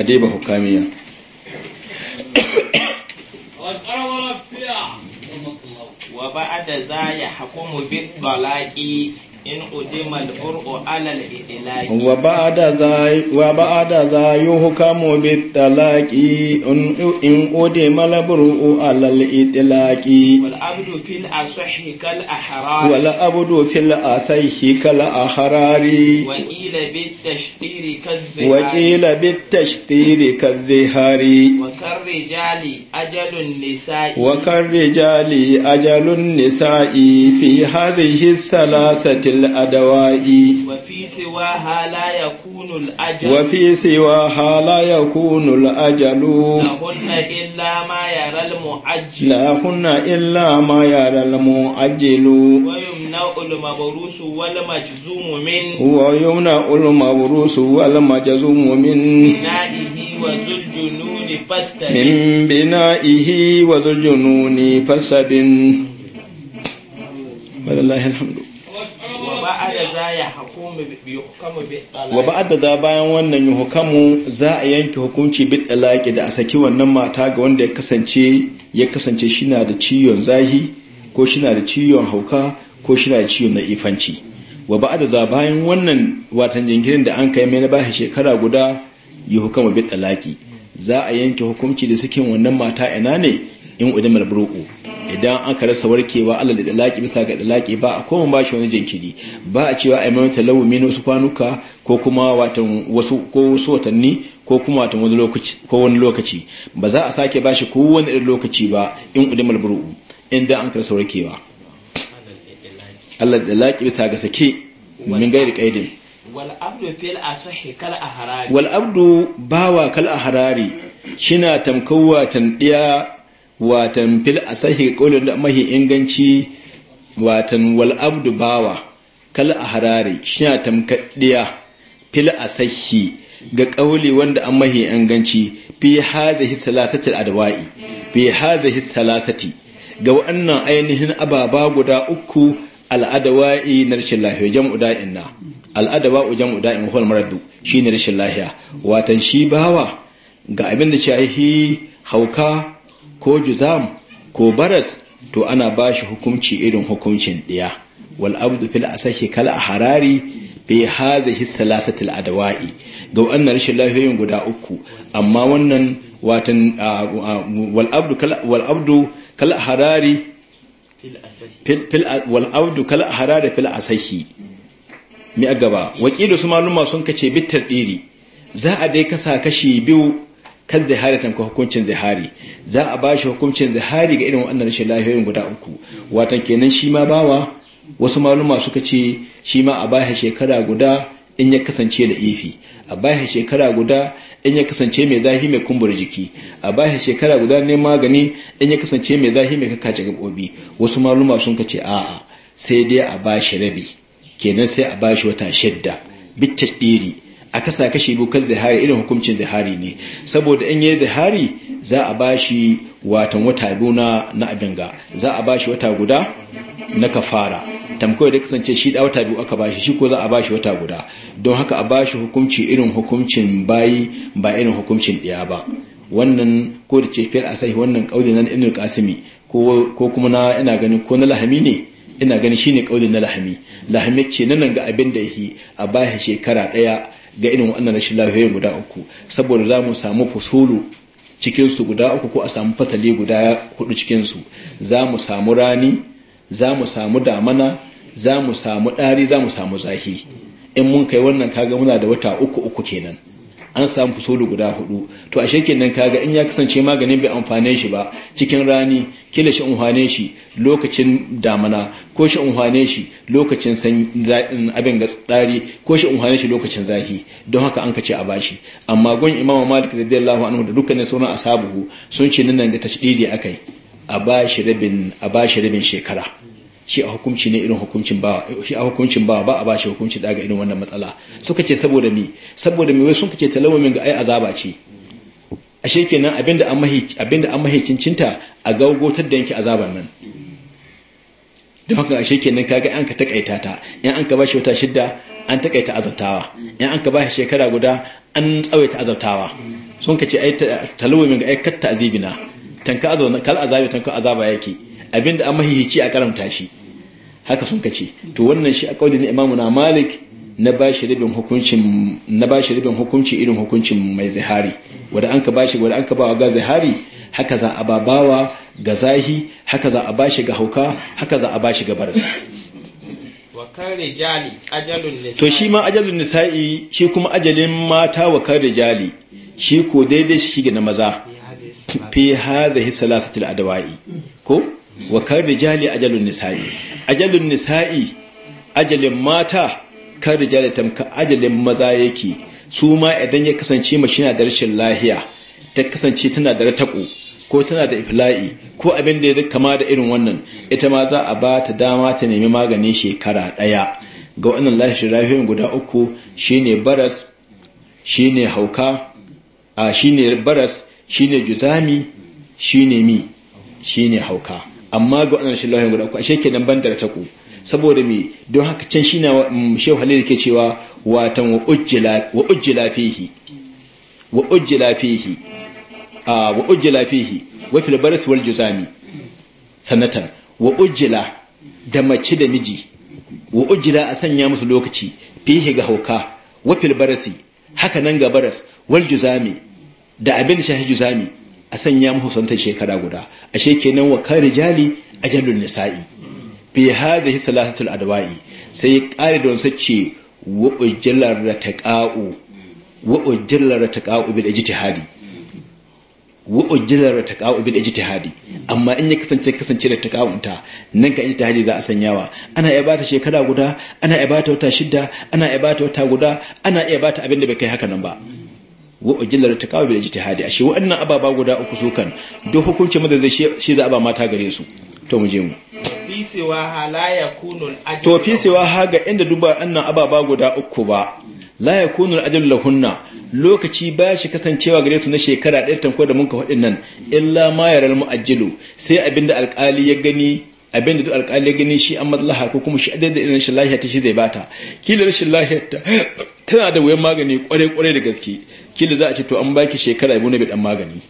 adeba hukamiya wa ba'ada za ya hukumu bi dalaki in udima al-ur'u ala al-ilahi wa ba'da zai wa ba'da zai yuhkamu bit talaqi in udima al-ur'u ala al-itlaqi wal abdu fil asahhi kal ahrari wal abdu fil asahhi kal ahrari wa qila bit tashtiri kaz-zihari wa qila bit tashtiri kaz-zihari wa kar rijali ajalun nisa'i wa kar rijali ajalun nisa'i fi hadhihi salasati الأدواء وفي سواها لا يكون الأجل وفي سواها لا يكون الأجل لهن إلا ما يرى المعجل لهن إلا ما يرى المعجل ويمنع المبروس والمجزوم من ويمنع المبروس والمجزوم من بنائه وذو الجنون فاستبن من بنائه وذو الجنون فاستبن ولله الحمد wa ba'da bayan wannan hukamu za a yanke hukunci bi talaqi da a saki wannan mata ga wanda ya kasance ya kasance shina da ciyon zahi ko shina da ciyon hauka ko shina da ciyon na ifanci wa bayan wannan watan jinkirin da an kai mai na bashi shekara guda hukamu bi talaqi za a yanke hukunci da sakin wannan mata ina ne in udimul buru'u idan an ka rasa warkewa allah da dalaki bisa ga dalaki ba a koma ba shi wani jinkiri ba a cewa a mai talawu na wasu kwanuka ko kuma watan wasu ko wasu watanni ko kuma watan wani lokaci ko wani lokaci ba za a sake ba shi ko wani irin lokaci ba in udimal bur'u inda an ka rasa warkewa allah da dalaki bisa ga sake min gairi kaidin wal abdu bawa kal ahrari shina tamkawa tandiya watan fil a sahi ƙulun da mahi inganci watan wal abdu bawa kal shi shina tamkaɗiya fil a sahi ga ƙauli wanda an mahi inganci fi his salasatil adwa'i fi his salasati ga wannan ainihin ababa guda uku al'adawa'i na rashin lahiya jam'u da'in na al'adawa'u jam'u da'in hol maradu shi ne rashin lahiya watan shi bawa ga abin da shahihi hauka ko juzam ko baras to ana ba shi hukunci irin hukuncin ɗaya wal abdu fil asahi kal harari bi hazihi salasatil adawai ga wannan rashin lafiyoyin guda uku amma wannan watan wal abdu kal wal abdu kal harari fil wal abdu kal harari fil asahi mi agaba wakilu su maluma sun kace bitar diri za a dai kasa kashi biyu kan zihari tamka hukuncin zihari za a bashi hukuncin zihari ga irin wannan rashin lafiyoyin guda uku watan kenan shi ma bawa wasu maluma suka ce shi ma a shi shekara guda in ya kasance da ifi a shi shekara guda in ya kasance mai zahi mai kumbura jiki a shi shekara guda ne magani in ya kasance mai zahi mai kakace gabobi wasu maluma sun kace a'a sai dai a bashi rabi kenan sai a bashi wata shidda bitta ɗiri a kasa kashi bukar kan zihari irin hukuncin zihari ne saboda in yi zihari za a bashi watan wata biyu na abin ga za a bashi wata guda na kafara tamkawai da kasance shi da wata biyu aka bashi shi ko za a bashi wata guda don haka a bashi hukunci irin hukuncin bayi ba irin hukuncin ɗaya ba wannan ko da ce fiyar asahi wannan kauli na ibn kasimi ko kuma na ina ganin ko na lahami ne ina ganin ne kauli na lahami lahami ce nan ga abin da yi a bashi shekara ɗaya ga irin wannan rashin lafiyoyin guda uku saboda za mu samu fusulu cikinsu guda uku ko a samu fasali guda hudu cikinsu za mu samu rani za mu samu damana za mu samu ɗari za mu samu zahi in mun kai wannan kaga muna da wata uku uku kenan an samu fusulu guda hudu to ashe kenan kaga in ya kasance maganin bai amfane shi ba cikin rani kila shi amfane shi lokacin damana ko shi amfane shi lokacin abin ga tsari ko shi amfane shi lokacin zahi don haka an kace a bashi amma gon imamu malik radiyallahu anhu da dukkanin sauran asabuhu sun ce nan ga tashdidi akai a bashi rabin a bashi rabin shekara shi a hukunci ne irin hukuncin bawa shi a hukuncin bawa ba a ba shi hukunci daga irin wannan matsala suka ce saboda mi saboda mi wai sun kace talawamin ga ai azaba ce ashe kenan abinda an mahi abinda an mahi cincinta a gaugotar da yanke azaban nan don haka ashe kenan kaga an ka takaita ta in an ka ba shi wata shidda an takaita azabtawa in an ka ba shi shekara guda an tsawaita azabtawa sun kace ai talawamin ga ai katta azibina tanka azaba kal azabi tanka azaba yake abinda an mahihici a karamta shi haka sun kace to wannan shi a kaulin imamu na malik na bashi ribin hukuncin na bashi ribin hukunci irin hukuncin mai zihari wanda anka bashi wanda anka bawa ga zihari haka za a babawa ga zahi haka za a bashi ga hauka haka za a bashi ga baras to shi ma ajalun nisa'i shi kuma ajalin mata wa kan rijali shi ko daidai shi ga na maza fi hadhihi salasatil adawai ko wa rijali ajalun nisa'i ajalun nisa'i ajalin mata karrijali tamka ajalin maza yake su ma idan ya kasance mashina na da rashin lahiya ta kasance tana da rataku ko tana da ifla'i ko abin da ya kama da irin wannan ita ma za a ba ta dama ta nemi magani shekara ɗaya ga wannan lahirin lafiyoyin guda uku shine baras shine hauka a shine baras shine juzami shine mi shine hauka amma ga wannan shin lahin guda uku ashe kenan ban da taku saboda me don haka can shi na shehu halil ke cewa watan wa ujjila wa ujjila fihi wa ujjila fihi a wa ujjila fihi wa fil baris wal juzami sanatan wa ujjila da mace da miji wa ujjila a sanya musu lokaci fihi ga hauka wa fil barasi haka nan ga baras wal juzami da abin shahi juzami a sanya mu husanta shekara guda ashe kenan wa kan rijali ajalun nisa'i bi hadhihi salatul adwa'i sai ya kare da wansa ce wa ujjallar rataqa'u wa ujjallar rataqa'u bil ijtihadi wa ujjallar rataqa'u bil ijtihadi amma in ya kasance kasance da takawunta nan ka ijtihadi za a sanyawa ana iya bata shekara guda ana iya bata wata shida ana iya bata wata guda ana iya bata abin da bai kai haka nan ba wa ujillar taqawa bil ijtihadi ashe wa'annan ababa guda uku su kan duk hukuncin mu da zai shi za a ba mata gare su to mu je mu to fi siwa ha ga inda duba annan ababa guda uku ba la yakunu al lahunna lokaci ba shi kasancewa gare su na shekara ɗaya tanko da munka faɗin nan illa ma yaral mu'ajjilu sai abinda alƙali ya gani abin da duk alƙali gani shi an matsalaha ko kuma shi adadin irin shi lahiyar ta shi zai bata kila rashin lahiyar ta tana da wuyan magani kwarai kwarai da gaske kila za a ce to an baki shekara ibu na bidan magani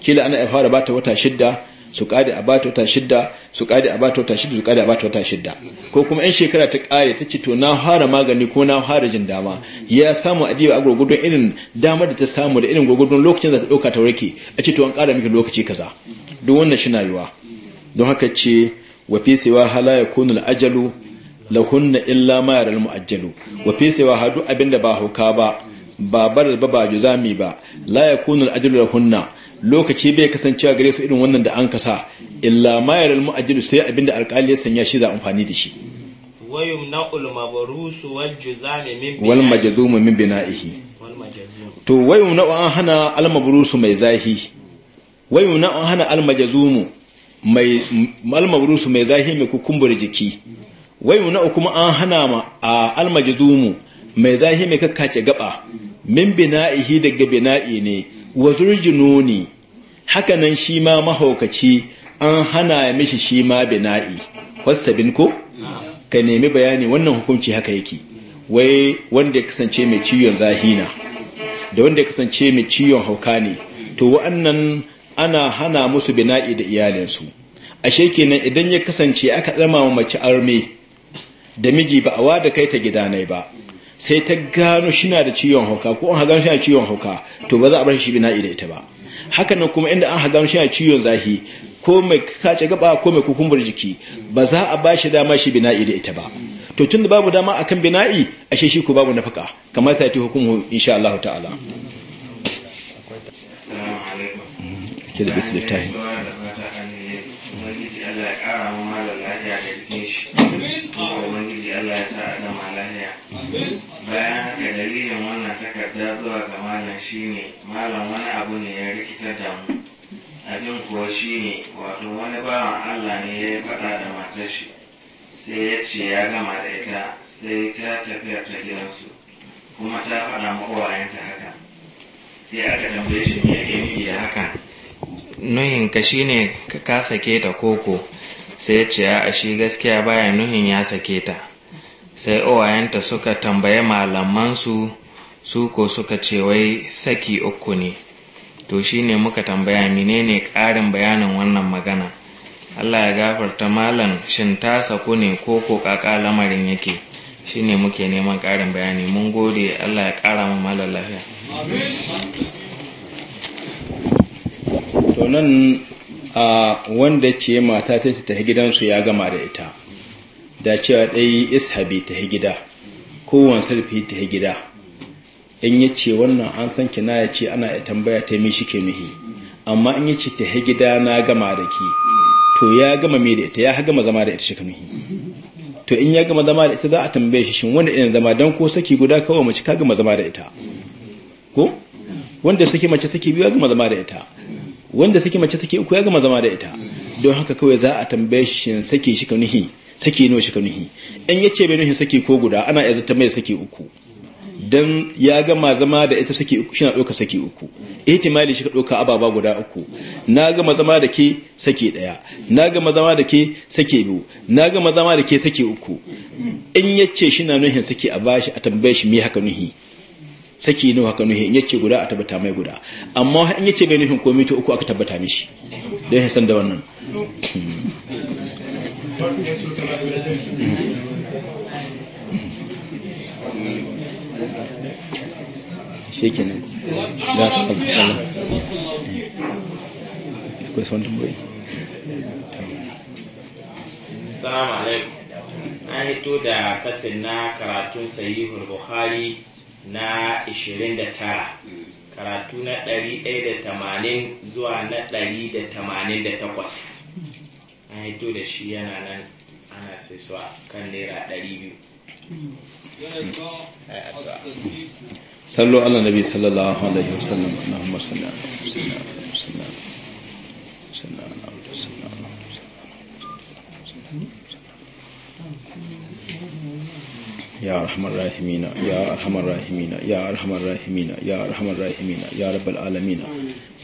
kila ana fara bata wata shidda su kare a bata wata shidda su kare a bata wata shidda su kare a bata wata shidda ko kuma yan shekara ta kare ta ce to na fara magani ko na fara jin dama ya samu adiba a gurgudun irin dama da ta samu da irin gurgudun lokacin da ta dauka ta warke a ce to an kara miki lokaci kaza duk wannan shi na yiwa don haka ce wa fi siwa hala yakunu al-ajalu lahunna illa ma yaral muajjalu wa fi wa hadu abinda ba hauka ba ba barar ba ba juzami ba la yakunu al'ajiru da hunna lokaci bai kasancewa gare su irin wannan da an kasa illa mayar al'ajiru sai sai abinda alƙali ya sanya shi za amfani da shi wayumna'ul mabrusu wal juzami min wal min bina'ihi to wayumna'u an hana al mabrusu mai zahi na'u an hana al majzum mai al mabrusu mai zahi mai kukumbur jiki kuma an hana ma al majzum mai zahi mai kakkace gaba min bina'ihi daga bina'i ne wa haka hakanan shi ma mahaukaci an hana mishi shi ma bina'i wasabin ko ka nemi bayani wannan hukunci haka yake wai wanda ya kasance mai ciyon zahina da wanda ya kasance mai ciyon hauka ne to wa'annan ana hana musu bina'i da iyalinsu ashe kenan idan ya kasance aka dama mace arme da miji ba a wada kai ta gidanai ba sai ta gano shina da ciwon hauka ko an gano shina ciwon hauka to ba za a bar shi bina'i da ita ba hakanan kuma inda an gano shina ciwon zahi ko mai kace gaba ko mai kukumbar jiki ba za a ba shi dama shi bina'i da ita ba to tun da babu dama akan bina'i ashe shi ko babu nafaka kamar sai ta hukumu insha Allah ta'ala ke da Allah ya kara mu malam lafiya da jikin shi Allah ya sa bayan haka dalilin wannan takarda zuwa ga malam shine malam wani abu ne ya rikitar da mu abin kuwa shine wato wani bawan allah ne ya yi faɗa da matar shi sai ya ce ya gama da ita sai ta tafiya ta gidansu kuma ta faɗa makowayenta haka sai aka tambaye shi me yake nufi da haka nuhin ka shine ka sake ta koko sai ya ce a shi gaskiya baya nuhin ya sake ta sai owayenta suka tambaye malamansu su ko suka ce wai saki uku ne to shine muka tambaya ne ƙarin bayanin wannan magana Allah ya gafarta malam shin ta saku ne ko ko kaka lamarin yake shine muke neman ƙarin bayani mun gode Allah ya ƙara mu malam lafiya to nan a wanda ce mata ta ta gidansu ya gama da ita da cewa ɗai ishabi ta gida kowane sarfi ta gida in yi ce wannan an san kina ya ce ana ya tambaya ta mishi ke mihi amma in yi ce ta gida na gama da ki to ya gama mai da ita ya gama zama da ita shika mihi to in ya gama zama da ita za a tambaye shi shin wanda irin zama don ko saki guda kawai mace ka gama zama da ita ko wanda saki mace saki biyu ya gama zama da ita wanda saki mace saki uku ya gama zama da ita don haka kawai za a tambaye shi saki shika nihi saki nawa shi ka nuhi in yace bai nuhi saki ko guda ana iya zata mai saki uku dan ya gama zama da ita saki uku shina doka saki uku ihtimali shi ka doka ababa guda uku na gama zama da ke saki daya na gama zama da ke saki biyu na gama zama da ke saki uku in yace shina nuhin saki a bashi a tambaye shi me haka nuhi saki nawa haka nuhi in yace guda a tabbata mai guda amma in yace bai nuhin komai to uku aka tabbata mishi dan ya san da wannan hmm. shi kenan za ta fahimci tsalla akwai son tambayi salamu alaikum na hito da kasin na karatun sahihul bukhari na 29 karatu na 180 zuwa na 188 an haito da shi yana nan ana sai su a kan naira ɗari biyu sallu ala nabi sallallahu alaihi wasallam allahumma salli ala salli ala salli ala salli ala salli ala يا ارحم الراحمين يا ارحم الراحمين يا ارحم الراحمين يا ارحم الراحمين يا رب العالمين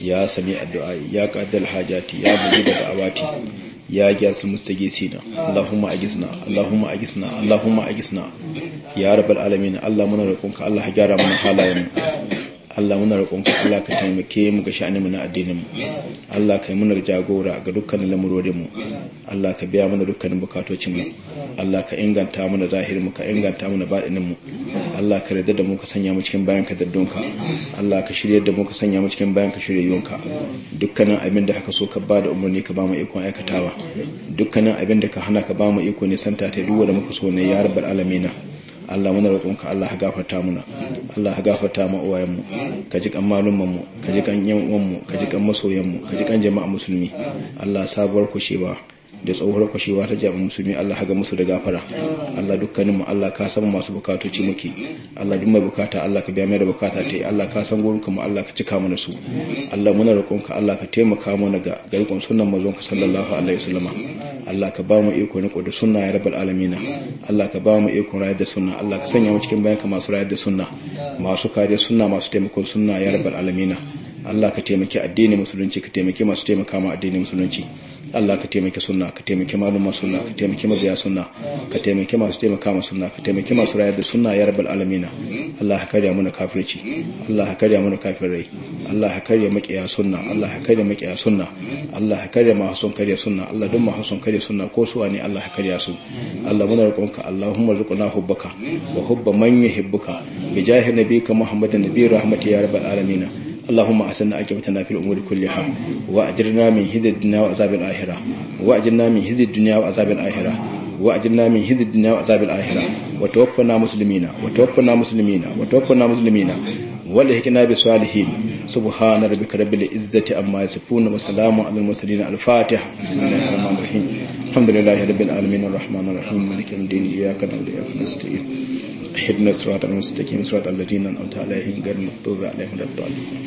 يا سميع الدعاء يا قادر الحاجات يا مجيب الدعوات يا جاس المستجيسين اللهم أجسنا na, أجسنا a أجسنا يا a العالمين الله a رقمك Ya حجارة من na, Allah muna roƙonka Allah ka taimake mu ga sha'ani mana na addinin mu Allah ka yi muna jagora ga dukkanin lamurorin mu Allah ka biya mana dukkanin bukatocin mu Allah ka inganta mana zahirin mu ka inganta mana baɗinin mu Allah ka yarda da mu ka sanya mu cikin bayan ka daddonka Allah ka shirya da mu ka sanya mu cikin bayan ka shiryayyunka dukkanin abin da haka so ka ba da umarni ka ba mu ikon aikatawa dukkanin abin da ka hana ka ba mu iko ne santa ta duwa da muka so ne ya rabbal alamina Allah muna roƙonka Allah ha gafarta muna Allah ha gafarta ma mu ka ji kan malumman mu ka ji kan yan uwan mu ka ji kan masoyan mu ka ji kan jama'a musulmi Allah sabuwar kushewa da tsohuwar kwashewa ta jami'an musulmi Allah haga musu da gafara Allah dukkanin mu Allah ka san masu bukatoci muke Allah duk mai bukata Allah ka biya mai da bukata ta yi. Allah ka san gurin kuma Allah ka cika mana su Allah muna roƙon ka Allah ka taimaka mana ga garkon sunnan manzon ka sallallahu alaihi wasallama Allah ka ba mu iko ne da sunna ya rabbal alamina Allah ka ba mu iko rayar da sunna Allah ka sanya mu cikin bayan ka masu rayar da sunna masu kare sunna masu taimakon sunna ya rabbal alamina Allah ka taimaki addinin musulunci ka taimaki masu taimaka ma addinin musulunci Allah ka taimake sunna ka taimake malumman sunna ka taimaki mabiya sunna ka taimake masu taimaka ma sunna ka taimaki masu rayar da sunna ya rabar alamina Allah ka karya muna kafirci Allah ka karya mana rai Allah ka karya makiya sunna Allah ka karya makiya sunna Allah ka karya masu son karya sunna Allah duk masu son karya sunna ko su ne Allah ka karya su Allah muna roƙonka Allahumma rzuqna hubbaka wa hubba man yuhibbuka bi jahi nabika Muhammadin nabiyyi rahmati ya rabar alamina اللهم أحسن أجابتنا في الأمور كلها وأجرنا من هذ الدنيا وعذاب الآخرة وأجرنا من هذ الدنيا وعذاب الآخرة وأجرنا من هذ الدنيا وعذاب الآخرة وتوفنا مسلمين وتوفنا مسلمين وتوفنا مسلمين ولهكنا بالصالحين سبحان ربك رب العزة أما يصفون وسلام على المرسلين الفاتح بسم الله الرحمن الرحيم الحمد لله رب العالمين الرحمن الرحيم مالك يوم الدين إياك نعبد وإياك نستعين اهدنا الصراط المستقيم صراط الذين أنعمت عليهم غير المغضوب عليهم ولا الضالين